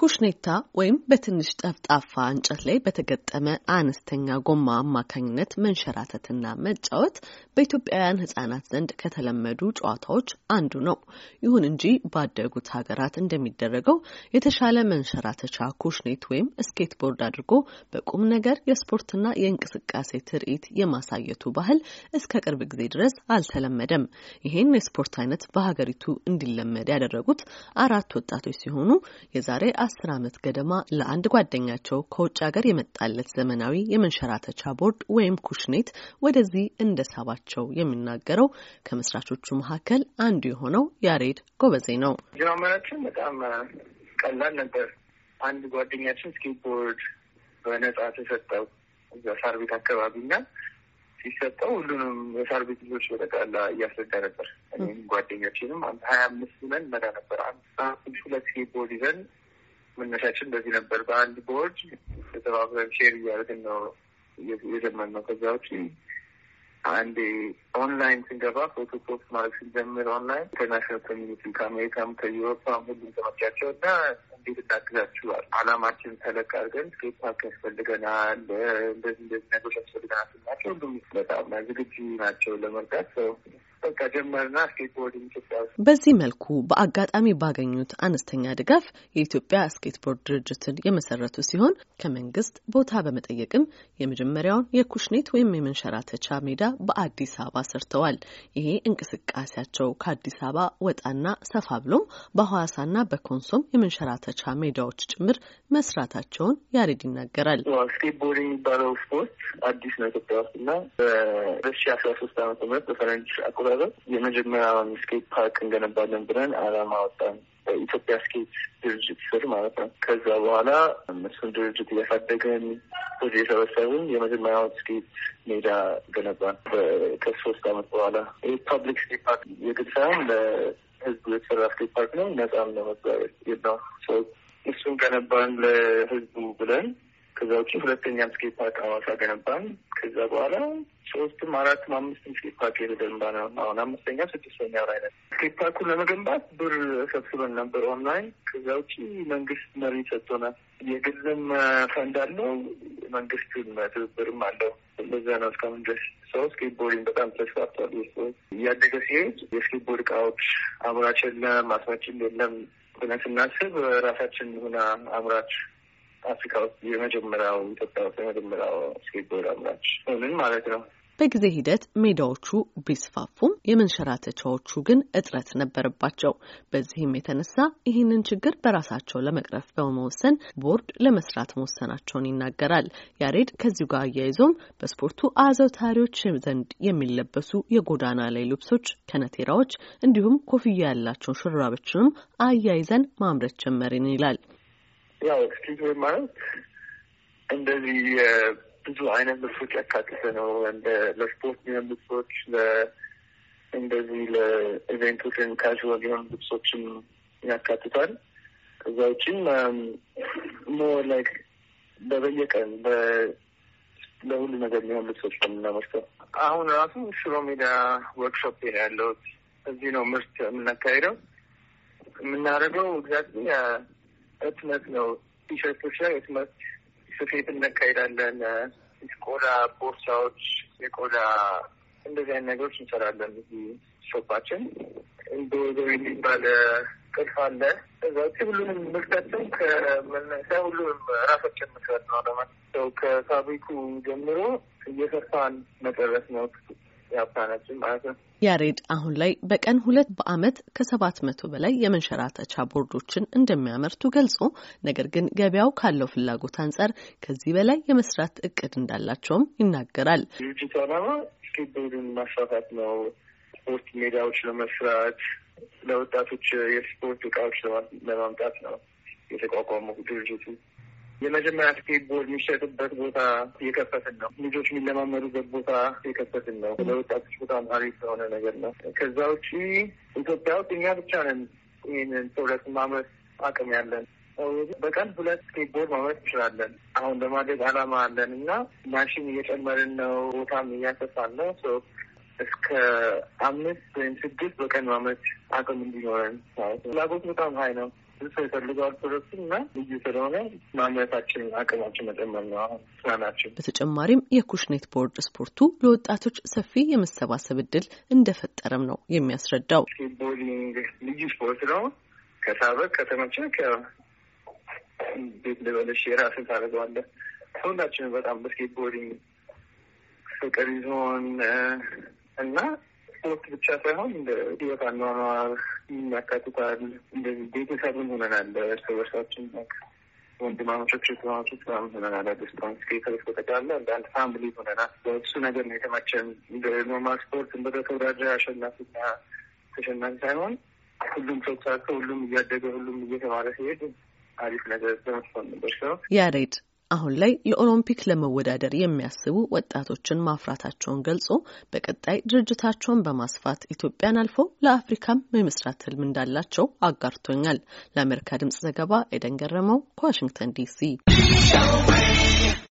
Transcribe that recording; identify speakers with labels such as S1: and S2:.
S1: ኩሽኔታ ወይም በትንሽ ጠፍጣፋ እንጨት ላይ በተገጠመ አነስተኛ ጎማ አማካኝነት መንሸራተትና መጫወት በኢትዮጵያውያን ሕጻናት ዘንድ ከተለመዱ ጨዋታዎች አንዱ ነው። ይሁን እንጂ ባደጉት ሀገራት እንደሚደረገው የተሻለ መንሸራተቻ ኩሽኔት ወይም ስኬት ቦርድ አድርጎ በቁም ነገር የስፖርትና የእንቅስቃሴ ትርኢት የማሳየቱ ባህል እስከ ቅርብ ጊዜ ድረስ አልተለመደም። ይህን የስፖርት አይነት በሀገሪቱ እንዲለመድ ያደረጉት አራት ወጣቶች ሲሆኑ የዛሬ ለአስር ዓመት ገደማ ለአንድ ጓደኛቸው ከውጭ ሀገር የመጣለት ዘመናዊ የመንሸራተቻ ቦርድ ወይም ኩሽኔት ወደዚህ እንደ እንደሳባቸው የሚናገረው ከመስራቾቹ መካከል አንዱ የሆነው ያሬድ ጎበዜ ነው።
S2: ጅማመራችን በጣም ቀላል ነበር። አንድ ጓደኛችን ስኬትቦርድ በነጻ ተሰጠው እዛ ሳር ቤት አካባቢ እና ሲሰጠው ሁሉንም የሳር ቤት ልጆች በጠቅላላ እያስረዳ ነበር። እኔም ጓደኛችንም አንድ ሀያ አምስት ብለን መዳ ነበር። አንድ ሁለት ስኬትቦርድ ይዘን መነሻችን በዚህ ነበር። በአንድ ቦርድ ተተባብረን ሼር እያደረግን ነው የዘመን ነው። ከዛ ውጭ አንድ ኦንላይን ስንገባ ፎቶ ፖስት ማለት ስንጀምር ኦንላይን ኢንተርናሽናል ኮሚኒቲ ከአሜሪካም ከዩሮፓም ሁሉም ተመቻቸው እና እንዴት እናግዛችኋል፣ አላማችን ተለቅ አድርገን ስኬት ፓርክ ያስፈልገናል፣ እንደዚህ እንደዚህ ነገሮች ያስፈልገናል ስናቸው ሁሉም
S1: በጣም ዝግጁ ናቸው ለመርዳት ሰው በቃ ጀመርና ስኬትቦርድ ኢትዮጵያ በዚህ መልኩ በአጋጣሚ ባገኙት አነስተኛ ድጋፍ የኢትዮጵያ ስኬትቦርድ ድርጅትን የመሰረቱ ሲሆን ከመንግስት ቦታ በመጠየቅም የመጀመሪያውን የኩሽኔት ወይም የመንሸራተቻ ሜዳ በአዲስ አበባ ሰርተዋል። ይሄ እንቅስቃሴያቸው ከአዲስ አበባ ወጣና ሰፋ ብሎም በሐዋሳና በኮንሶም የመንሸራተቻ ሜዳዎች ጭምር መስራታቸውን ያሬድ ይናገራል።
S2: ስኬትቦርድ የሚባለው ስፖርት አዲስ ነው ኢትዮጵያ ውስጥ እና በሁለት አስራ ሶስት በፈረንጅ በመረበብ የመጀመሪያውን ስኬት ፓርክ እንገነባለን ብለን አላማ አወጣን። በኢትዮጵያ ስኬት ድርጅት ስር ማለት ነው። ከዛ በኋላ እሱን ድርጅት እያሳደገን ወደ የሰበሰብን የመጀመሪያውን ስኬት ሜዳ ገነባን። ከሶስት አመት በኋላ ይህ ፐብሊክ ስኬት ፓርክ የግል ሳይሆን ለህዝቡ የተሰራ ስኬት ፓርክ ነው። ነጻም ለመግባቢያ ነው። እሱን ገነባን ለህዝቡ ብለን ከዛ ውጭ ሁለተኛም ስኬት ፓርክ አዋሳ ገነባን። ከዛ በኋላ ሶስትም አራትም አምስትም ስሊፓክ የተገንባ ነው። አሁን አምስተኛ ስድስተኛ ላይ ነን። ስሊፓኩን ለመገንባት ብር ሰብስበን ነበር ኦንላይን። ከዛ ውጭ መንግስት መሪ ሰጥቶናል። የግልም ፈንድ አለው፣ መንግስትም ትብብርም አለው። እንደዛ ነው እስካሁን ድረስ ሰው ስኬትቦርድን በጣም ተስፋፍቷል። እያደገ ሲሄድ የስኬትቦርድ እቃዎች አምራች የለም፣ አስመጪም የለም ብለን ስናስብ ራሳችን ሆና አምራች አፍሪካ ውስጥ የመጀመሪያው ኢትዮጵያ ውስጥ የመጀመሪያው ስኬትቦርድ አምራች ምን ማለት ነው።
S1: በጊዜ ሂደት ሜዳዎቹ ቢስፋፉም የመንሸራተቻዎቹ ግን እጥረት ነበረባቸው። በዚህም የተነሳ ይህንን ችግር በራሳቸው ለመቅረፍ በመወሰን ቦርድ ለመስራት መወሰናቸውን ይናገራል። ያሬድ ከዚሁ ጋር አያይዞም በስፖርቱ አዘውታሪዎች ዘንድ የሚለበሱ የጎዳና ላይ ልብሶች፣ ከነቴራዎች እንዲሁም ኮፍያ ያላቸውን ሹራቦችንም አያይዘን ማምረት ጀመርን ይላል።
S2: ያው ማለት እንደዚህ ብዙ አይነት ልብሶች ያካተተ ነው። ለስፖርት ሚሆን ልብሶች፣ እንደዚህ ለኢቨንቶች ወይም ካዥዋል የሆኑ ልብሶችም ያካትቷል። ከዛ ውጭም ሞር ላይክ በበየቀን ለሁሉ ነገር የሚሆን ልብሶች ነው የምናመርተው። አሁን ራሱ ሽሮ ሜዳ ወርክሾፕ ሄ ያለሁት። እዚህ ነው ምርት የምናካሄደው። የምናደርገው ግዛት እትመት ነው። ቲሸርቶች ላይ እትመት ስፌት እናካሄዳለን። ቆዳ ቦርሳዎች፣ የቆዳ እንደዚህ አይነት ነገሮች እንሰራለን። እዚህ ሾፓችን እንዶ የሚባል ቅርፍ አለ። እዛ ውጭ ሁሉንም ምርታችን ከመነሳ ሁሉንም ራሳችን መስራት ነው። ለማለት ሰው ከፋብሪኩ ጀምሮ እየሰፋን መጨረስ ነው። ያውታናችን ማለት ነው።
S1: ያሬድ አሁን ላይ በቀን ሁለት በአመት ከሰባት መቶ በላይ የመንሸራተቻ ቦርዶችን እንደሚያመርቱ ገልጾ ነገር ግን ገበያው ካለው ፍላጎት አንጻር ከዚህ በላይ የመስራት እቅድ እንዳላቸውም ይናገራል።
S2: ድርጅቱ አላማ ስኬት ማስፋፋት ነው። ስፖርት ሜዳዎች ለመስራት፣ ለወጣቶች የስፖርት እቃዎች ለማምጣት ነው የተቋቋመው ድርጅቱ የመጀመሪያ ስኬትቦርድ የሚሸጥበት ቦታ እየከፈትን ነው። ልጆች የሚለማመዱበት ቦታ እየከፈትን ነው። ለወጣቶች በጣም አሪፍ የሆነ ነገር ነው። ከዛ ውጪ ኢትዮጵያ ውስጥ እኛ ብቻ ነን ይህንን ፕሮደክት ማምረት አቅም ያለን። በቀን ሁለት ስኬትቦርድ ማመት ማምረት እንችላለን። አሁን ለማደግ አላማ አለን እና ማሽን እየጨመርን ነው። ቦታም እያሰፋን ነው። እስከ አምስት ወይም ስድስት በቀን ማምረት አቅም እንዲኖረን ፍላጎት በጣም ሀይ ነው። ሰው ይፈልገዋል ፕሮደክቱ እና ልዩ ስለሆነ ማምረታችን አቅማችን መጨመር ነው አሁን ስራናችን።
S1: በተጨማሪም የኩሽኔት ቦርድ ስፖርቱ ለወጣቶች ሰፊ የመሰባሰብ እድል እንደፈጠረም ነው የሚያስረዳው።
S2: ቦሊንግ ልዩ ስፖርት ነው። ከሳበቅ ከተመቸ ከቤት ልበልሽ የራስን ታደርገዋለህ። ሁላችንም በጣም በስኬት ቦሊንግ ፍቅር ይዞን እና ስፖርት ብቻ ሳይሆን እንደ ህይወት አኗኗር ያካትታል። እንደዚህ ቤተሰብም ሆነናል። እርስ በርሳችን ወንድማማቾች ማማቾች ምናምን ሆነናል። አዲስ ትራንስ ከቤተሰብ በተጫለ ፋምሊ ሆነናል። በእሱ ነገር ነው የተመቸን። እንደ ኖርማል ስፖርት እንደ ተወዳደረ አሸናፊና ተሸናፊ ሳይሆን ሁሉም ሰው ሁሉም እያደገ ሁሉም እየተማረ ሲሄድ አሪፍ ነገር በመጥፎ ነበር ሰው
S1: ያሬድ አሁን ላይ ለኦሎምፒክ ለመወዳደር የሚያስቡ ወጣቶችን ማፍራታቸውን ገልጾ በቀጣይ ድርጅታቸውን በማስፋት ኢትዮጵያን አልፎ ለአፍሪካም የመስራት ህልም እንዳላቸው አጋርቶኛል። ለአሜሪካ ድምጽ ዘገባ ኤደን ገረመው ከዋሽንግተን ዲሲ